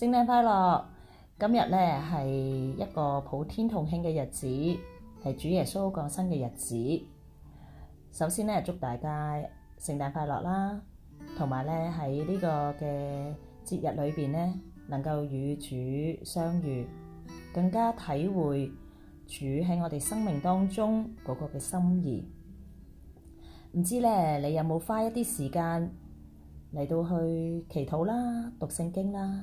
聖誕快樂！今日咧，係一個普天同慶嘅日子，係主耶穌降生嘅日子。首先咧，祝大家聖誕快樂啦！同埋咧喺呢個嘅節日裏邊咧，能夠與主相遇，更加體會主喺我哋生命當中嗰個嘅心意。唔知咧你有冇花一啲時間嚟到去祈禱啦、讀聖經啦？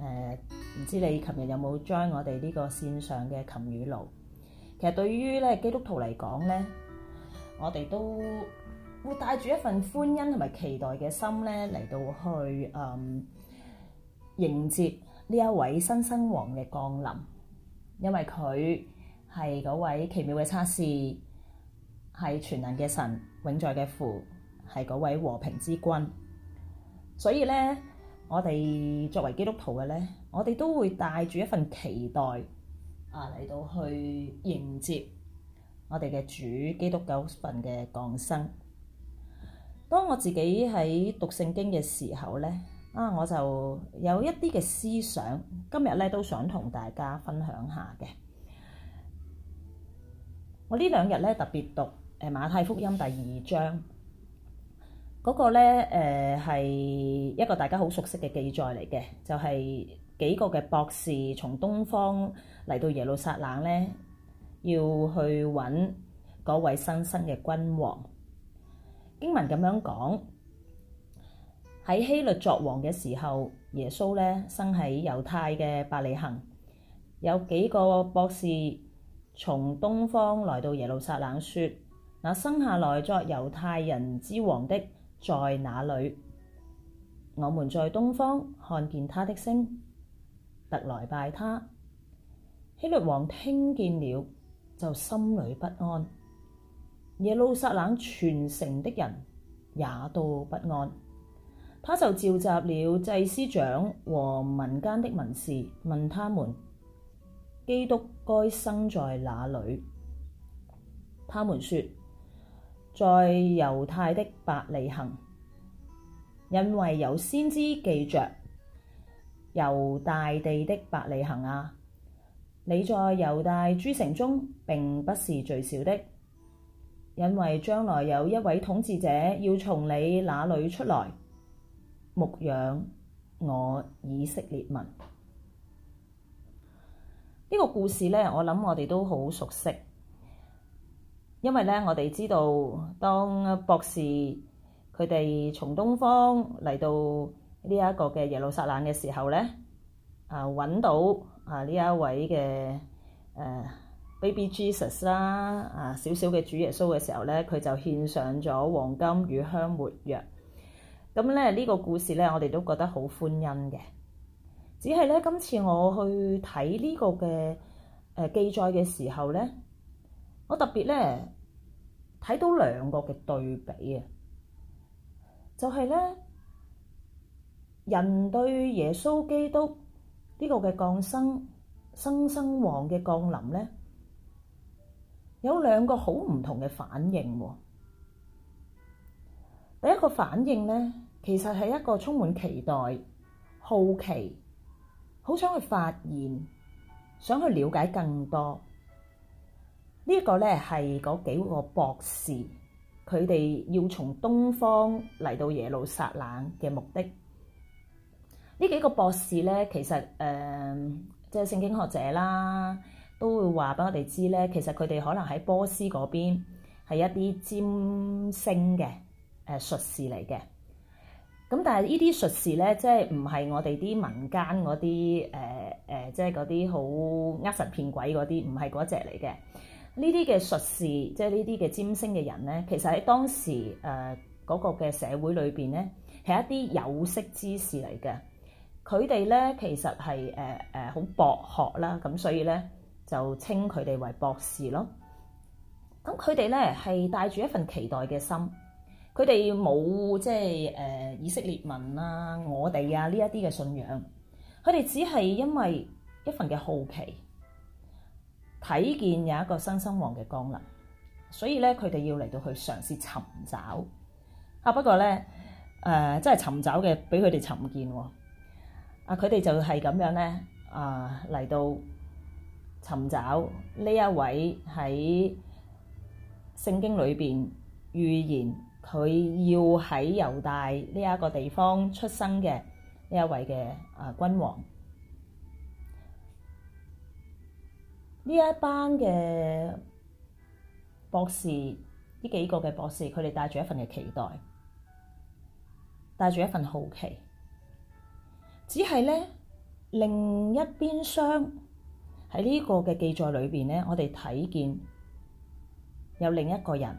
誒，唔、呃、知你琴日有冇 join 我哋呢個線上嘅琴與爐？其實對於咧基督徒嚟講咧，我哋都會帶住一份歡欣同埋期待嘅心咧嚟到去嗯，迎接呢一位新生王嘅降臨，因為佢係嗰位奇妙嘅策士，係全能嘅神，永在嘅父，係嗰位和平之君，所以咧。我哋作為基督徒嘅呢，我哋都會帶住一份期待啊，嚟到去迎接我哋嘅主基督九份嘅降生。當我自己喺讀聖經嘅時候呢，啊我就有一啲嘅思想，今日呢都想同大家分享下嘅。我呢兩日呢，特別讀誒馬太福音第二章。嗰個咧，誒、呃、係一個大家好熟悉嘅記載嚟嘅，就係、是、幾個嘅博士從東方嚟到耶路撒冷咧，要去揾嗰位新生嘅君王。經文咁樣講，喺希律作王嘅時候，耶穌咧生喺猶太嘅伯利恆。有幾個博士從東方來到耶路撒冷，說：嗱，生，生下來作猶太人之王的，在哪裡？我們在東方看見他的星，特來拜他。希律王聽見了，就心裏不安；耶路撒冷全城的人也都不安。他就召集了祭司長和民間的文士，問他們：基督該生在哪裡？他們說。在猶太的伯利恆，因為有先知記着，猶大地的伯利恆啊！你在猶大諸城中並不是最小的，因為將來有一位統治者要從你那裏出來，牧養我以色列民。呢個故事呢，我諗我哋都好熟悉。因為咧，我哋知道當博士佢哋從東方嚟到呢一個嘅耶路撒冷嘅時候咧，啊揾到啊呢一位嘅誒 Baby Jesus 啦，啊少少嘅主耶穌嘅時候咧，佢就獻上咗黃金與香沒藥。咁咧呢個故事咧，我哋都覺得好歡欣嘅。只係咧今次我去睇呢個嘅誒記載嘅時候咧。我特別咧睇到兩個嘅對比啊，就係咧人對耶穌基督呢個嘅降生、新生王嘅降臨咧，有兩個好唔同嘅反應。第一個反應咧，其實係一個充滿期待、好奇、好想去發現、想去了解更多。呢一個咧係嗰幾個博士，佢哋要從東方嚟到耶路撒冷嘅目的。呢幾個博士咧，其實誒，即係聖經學者啦，都會話俾我哋知咧。其實佢哋可能喺波斯嗰邊係一啲占星嘅誒、呃、術士嚟嘅。咁但係呢啲術士咧，即係唔係我哋啲民間嗰啲誒誒，即係嗰啲好呃神騙鬼嗰啲，唔係嗰隻嚟嘅。呢啲嘅術士，即係呢啲嘅占星嘅人咧，其實喺當時誒嗰、呃那個嘅社會裏邊咧，係一啲有識之士嚟嘅。佢哋咧其實係誒誒好博學啦，咁所以咧就稱佢哋為博士咯。咁佢哋咧係帶住一份期待嘅心，佢哋冇即係誒、呃、以色列文啊、我哋啊呢一啲嘅信仰，佢哋只係因為一份嘅好奇，睇見有一個新生王嘅降臨，所以咧佢哋要嚟到去嘗試尋找，啊不過咧誒，即係尋找嘅俾佢哋尋見喎，啊佢哋就係咁樣咧啊嚟到尋找呢一位喺聖經裏邊預言佢要喺猶大呢一個地方出生嘅呢一位嘅啊、呃、君王。呢一班嘅博士，呢幾個嘅博士，佢哋帶住一份嘅期待，帶住一份好奇，只係咧另一邊廂喺呢個嘅記載裏邊咧，我哋睇見有另一個人，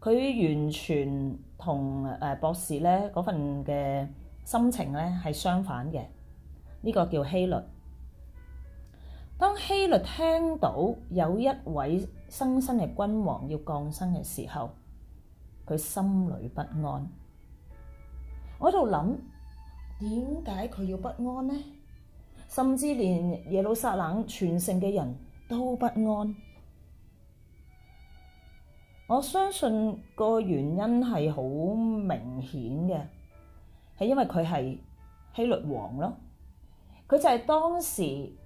佢完全同誒博士咧嗰份嘅心情咧係相反嘅，呢個叫希律。當希律聽到有一位新生嘅君王要降生嘅時候，佢心裏不安。我喺度諗，點解佢要不安呢？甚至連耶路撒冷全城嘅人都不安。我相信個原因係好明顯嘅，係因為佢係希律王咯。佢就係當時。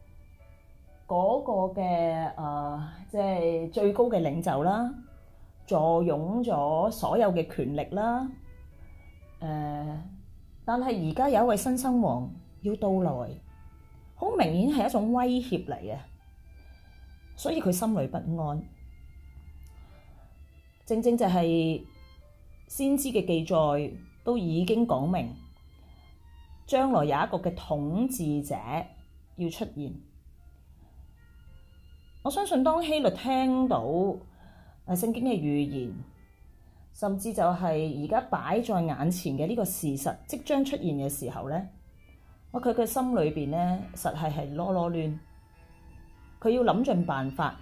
嗰個嘅誒、呃，即係最高嘅領袖啦，坐擁咗所有嘅權力啦。誒、呃，但係而家有一位新生王要到來，好明顯係一種威脅嚟嘅，所以佢心裏不安。正正就係先知嘅記載都已經講明，將來有一個嘅統治者要出現。我相信當希律聽到聖經嘅預言，甚至就係而家擺在眼前嘅呢個事實即將出現嘅時候呢，我佢嘅心裏邊呢，實係係囉囉攣。佢要諗盡辦法，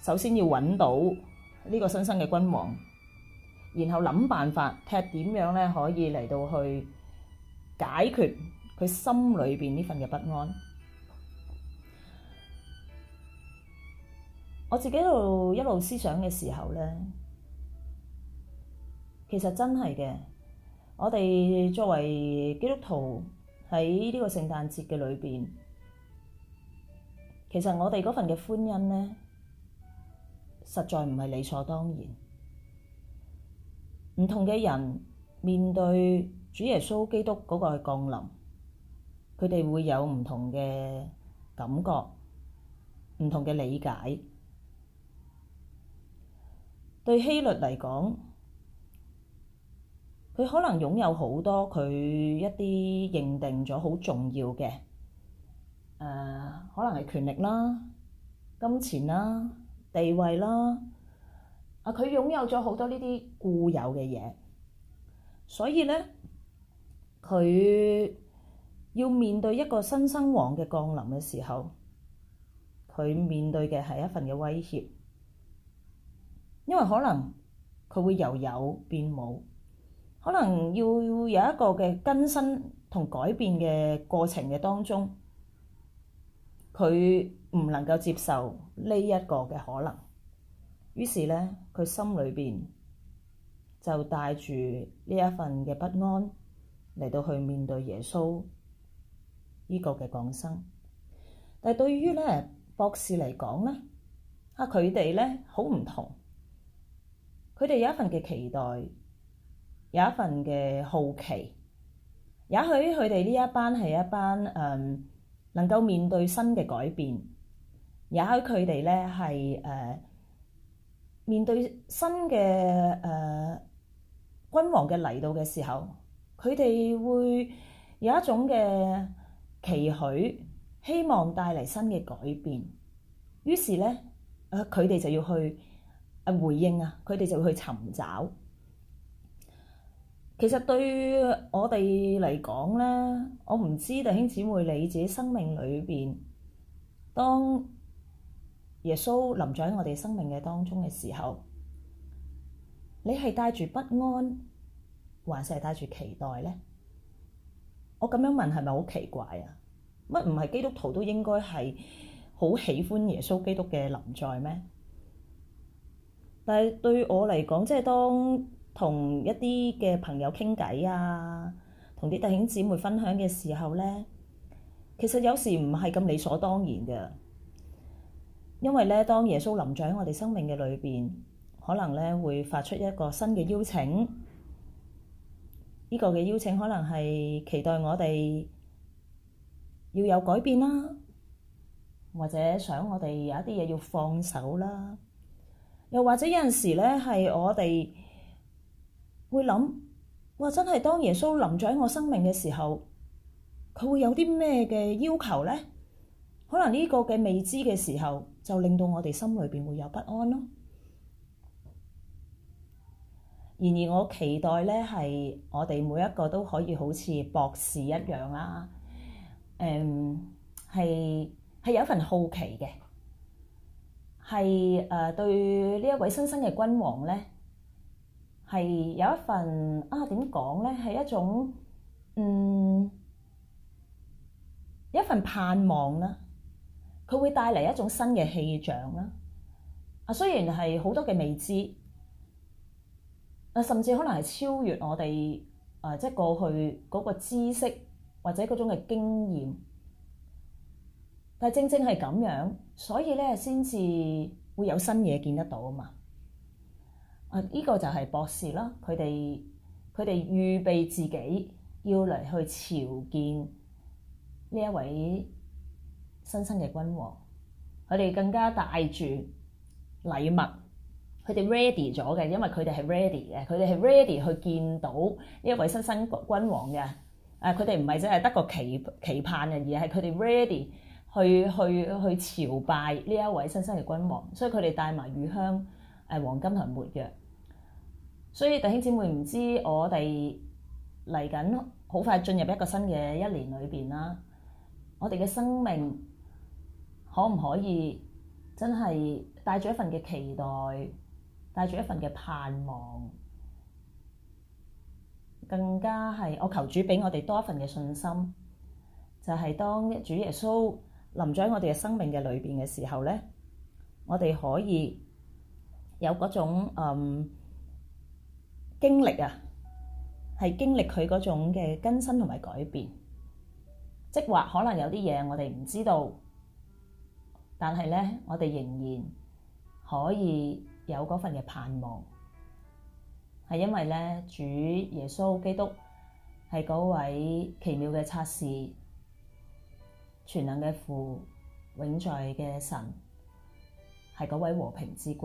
首先要揾到呢個新生嘅君王，然後諗辦法睇下點樣呢，可以嚟到去解決佢心裏邊呢份嘅不安。我自己一路思想嘅時候咧，其實真係嘅。我哋作為基督徒喺呢個聖誕節嘅裏邊，其實我哋嗰份嘅歡欣咧，實在唔係理所當然。唔同嘅人面對主耶穌基督嗰個降臨，佢哋會有唔同嘅感覺，唔同嘅理解。對希律嚟講，佢可能擁有好多佢一啲認定咗好重要嘅，誒、呃，可能係權力啦、金錢啦、地位啦，啊，佢擁有咗好多呢啲固有嘅嘢，所以咧，佢要面對一個新生王嘅降臨嘅時候，佢面對嘅係一份嘅威脅。因為可能佢會由有變冇，可能要有一個嘅更新同改變嘅過程嘅當中，佢唔能夠接受呢一個嘅可能，於是呢，佢心裏邊就帶住呢一份嘅不安嚟到去面對耶穌呢個嘅降生。但係對於咧博士嚟講咧，啊，佢哋咧好唔同。佢哋有一份嘅期待，有一份嘅好奇，也許佢哋呢一班係一班嗯，能夠面對新嘅改變。也許佢哋咧係誒面對新嘅誒、呃、君王嘅嚟到嘅時候，佢哋會有一種嘅期許，希望帶嚟新嘅改變。於是咧，誒佢哋就要去。啊！回應啊！佢哋就會去尋找。其實對我哋嚟講咧，我唔知弟兄姊妹你自己生命裏邊，當耶穌臨在喺我哋生命嘅當中嘅時候，你係帶住不安，還是係帶住期待咧？我咁樣問係咪好奇怪啊？乜唔係基督徒都應該係好喜歡耶穌基督嘅臨在咩？但係對我嚟講，即係當同一啲嘅朋友傾偈啊，同啲弟兄姊妹分享嘅時候咧，其實有時唔係咁理所當然嘅，因為咧，當耶穌臨在喺我哋生命嘅裏邊，可能咧會發出一個新嘅邀請，呢個嘅邀請可能係期待我哋要有改變啦，或者想我哋有一啲嘢要放手啦。又或者有陣時咧，係我哋會諗，哇！真係當耶穌臨在我生命嘅時候，佢會有啲咩嘅要求咧？可能呢個嘅未知嘅時候，就令到我哋心裏邊會有不安咯。然而，我期待咧係我哋每一個都可以好似博士一樣啦、啊，誒、嗯，係係有一份好奇嘅。係誒，對呢一位新生嘅君王咧，係有一份啊，點講咧？係一種嗯，一份盼望啦，啊。佢會帶嚟一種新嘅氣象啦。啊，雖然係好多嘅未知，啊，甚至可能係超越我哋誒，即係過去嗰個知識或者嗰種嘅經驗。但係正正係咁樣，所以咧先至會有新嘢，見得到啊嘛！啊，呢個就係博士啦，佢哋佢哋預備自己要嚟去朝見呢一位新生嘅君王，佢哋更加帶住禮物，佢哋 ready 咗嘅，因為佢哋係 ready 嘅，佢哋係 ready 去見到呢一位新生君王嘅。啊，佢哋唔係真係得個期期盼嘅，而係佢哋 ready。去去去朝拜呢一位新生嘅君王，所以佢哋帶埋乳香、誒黃金同沒藥。所以弟兄姊妹唔知我哋嚟緊好快進入一個新嘅一年裏邊啦。我哋嘅生命可唔可以真係帶住一份嘅期待，帶住一份嘅盼望，更加係我求主俾我哋多一份嘅信心，就係、是、當主耶穌，臨咗喺我哋嘅生命嘅裏邊嘅時候咧，我哋可以有嗰種嗯經歷啊，係經歷佢嗰種嘅更新同埋改變，即係話可能有啲嘢我哋唔知道，但係咧我哋仍然可以有嗰份嘅盼望，係因為咧主耶穌基督係嗰位奇妙嘅策士。全能嘅父，永在嘅神，係嗰位和平之君。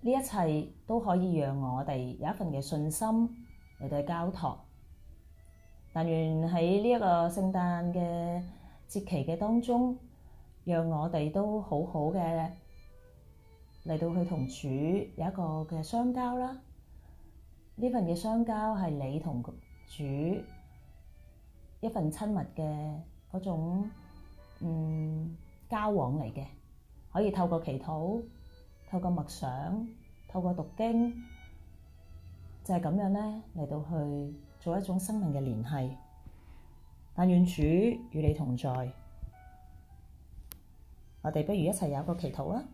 呢一切都可以讓我哋有一份嘅信心嚟到交託。但願喺呢一個聖誕嘅節期嘅當中，讓我哋都好好嘅嚟到去同主有一個嘅相交啦。呢份嘅相交係你同主。一份親密嘅嗰種嗯交往嚟嘅，可以透過祈禱、透過默想、透過讀經，就係咁樣咧嚟到去做一種生命嘅聯繫。但願主與你同在，我哋不如一齊有個祈禱啊！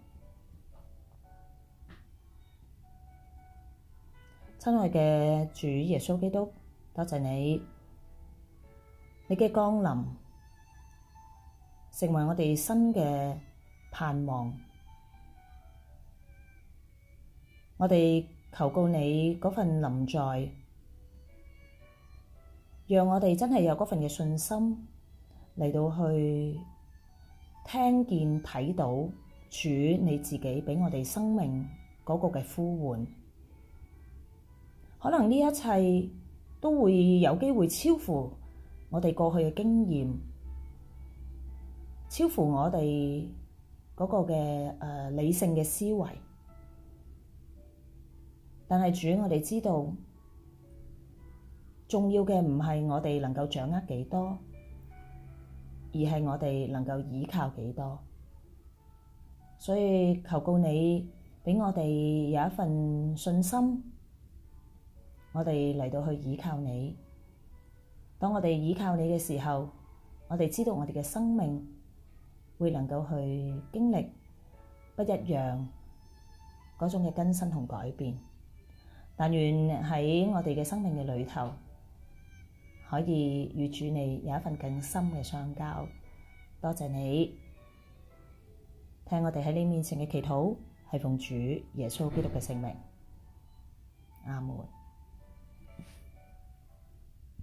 親愛嘅主耶穌基督，多謝你。你嘅降臨成為我哋新嘅盼望，我哋求告你嗰份臨在，讓我哋真係有嗰份嘅信心嚟到去聽見、睇到主你自己俾我哋生命嗰個嘅呼喚。可能呢一切都會有機會超乎。我哋過去嘅經驗超乎我哋嗰個嘅誒理性嘅思維，但係主，我哋知道重要嘅唔係我哋能夠掌握幾多，而係我哋能夠倚靠幾多。所以求告你，俾我哋有一份信心，我哋嚟到去倚靠你。當我哋依靠你嘅時候，我哋知道我哋嘅生命會能夠去經歷不一樣嗰種嘅更新同改變。但願喺我哋嘅生命嘅裏頭，可以與主你有一份更深嘅相交。多謝你，聽我哋喺你面前嘅祈禱，係奉主耶穌基督嘅聖名，阿門。